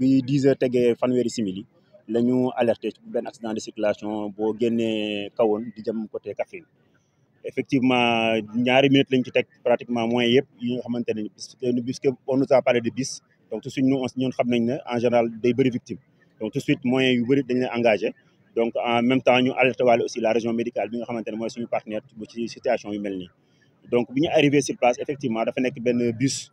bi 10 heures tegee simili alerté sur benn accident de circulation pour génnee kawoon di jëm côté café. effectivement ñaari minutes lañ ci minutes, pratiquement moins yëpp yi nga on nous a parlé de bus, donc tout de suite nous ñun xam nañ en général day bëri victime donc tout de suite moyens yu bëri dañ leen engagé donc en même temps ñu alerté aussi la région médicale bi nga xamante ne suñu partenaire bu ci situation yu mel donc bi arrivé sur place effectivement dafa nekk un bus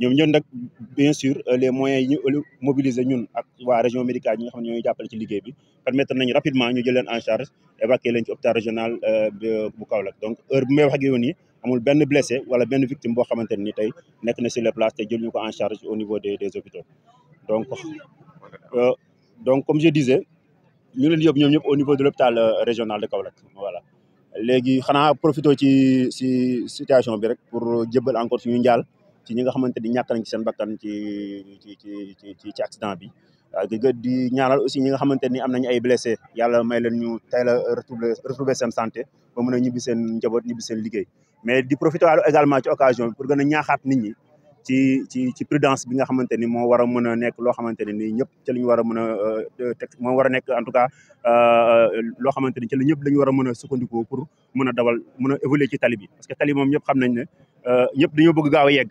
ñom ñoon nak bien sûr les moyens yi ñu mobiliser ñun ak wa région médicale ñi nga xam ñoy jappalé ci liguey bi permettre nañu rapidement ñu jël leen en charge évacuer leen ci hôpital régional euh, bu Kaolack donc heure bu may wax ak yow nii amul benn blessé wala benn victime bo xamanteni tay nek na sur les places te jël ñuko en charge au niveau des des hôpitaux donc euh, donc comme je disais ñu leen yóbbu ñom ñëpp au niveau de l'hôpital euh, régional de Kaolack voilà légui xana profité ci ci situation bi rek pour jébbal encore ñu ndial ci ñinga xamanteni ñak nañ ci seen bakkan ci ci ci ci ci accident bi ak gën di ñaanal aussi ñinga xamanteni am nañ ay blessé yalla may leen ñu teel a retrouver retrouver seen santé ba mëna ñibi seen njaboot ñibi seen liggéey mais di profiter walu également ci occasion pour gëna a ñaaxaat nit ñi ci ci ci prudence bi nga xamanteni mo wara mëna a mën a nekk loo xamante ne ñëpp ci lañu wara mëna a mën a euh, teg nekk en tout cas euh lo xamanteni ci la ñëpp lañu wara mëna sukkandiko pour mëna dawal mëna évoluer ci tali bi parce que tali mom ñëpp xamnañ ne euh ñëpp dañu bëgg gaaw yegg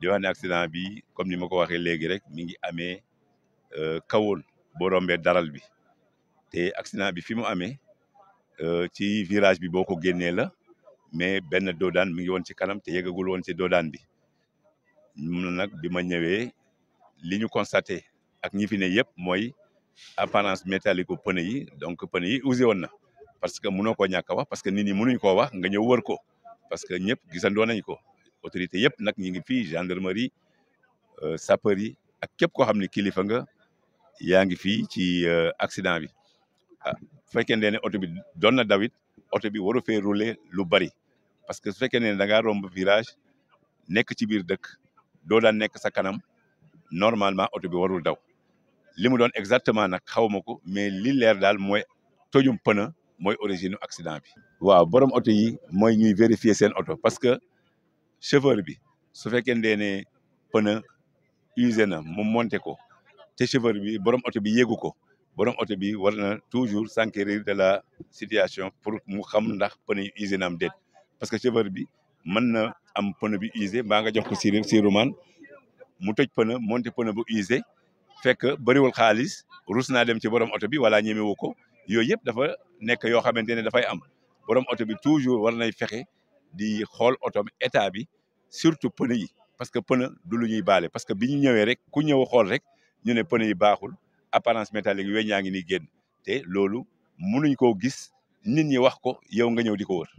di wax accident bi comme ni ma ko waxee léegi rek mi ngi amee euh, kawoon boo rombee daral bi te accident bi euh, ci virage bi boko ko la mais ben dodan, mi ngi won ci kanam te yegagul won ci doodaan bi ñun nag bi ma li ñu constaté ak ñi fi né yépp moy apparence métallique pneu yi donc pneu yi usé parce que mënoo ko wax parce que nit ñi mënuñ ko wax nga ñëw wër ko parce que ñëpp gisandoo nañ ko. autorité yëpp nag ñu ngi fii gendarmerie euh, sapeur yi ak képp koo xam ne kilifa nga yaa ngi fii ci euh, accident bi ah bu fekkee ne oto bi doon na dawit oto bi waru fee rouler lu bari parce que su fekkee ne da ngaa romb virage nekk ci biir dëkk doo daan nekk sa kanam normalement oto bi waru daw li mu doon exactement nag xaw ma ko mais li leer daal mooy tojum pëna mooy origine accident bi. waaw borom oto yi mooy ñuy vérifier seen oto parce que. chauffeur bi su fekkee ne pneu usé na mu monté ko te chauffeur bi borom oto bi yéegu ko borom oto bi war na toujours s'enquérir de la situation pour mu xam ndax pneu yi usé am déet parce que chauffeur bi mën na am pneu bi use mbaa nga jox ko sir sirumaan mu toj pneu monté pneu ba usé fekk bëriwul xaalis rus naa dem ci borom oto bi wala ñemewu ko yooyu yëpp dafa nekk yoo xamante ne dafay am borom oto bi toujours war nay fexe di xool oto bi état bi surtout pneu yi parce que pneu du lu ñuy baale parce que bi ñu ñëwee rek ku ñëw xool rek ñu ne pneu yi baaxul apparence métallique weñ yaa ngi ni génn te loolu mënuñ ko gis nit ñi wax ko yow nga ñëw di ko wër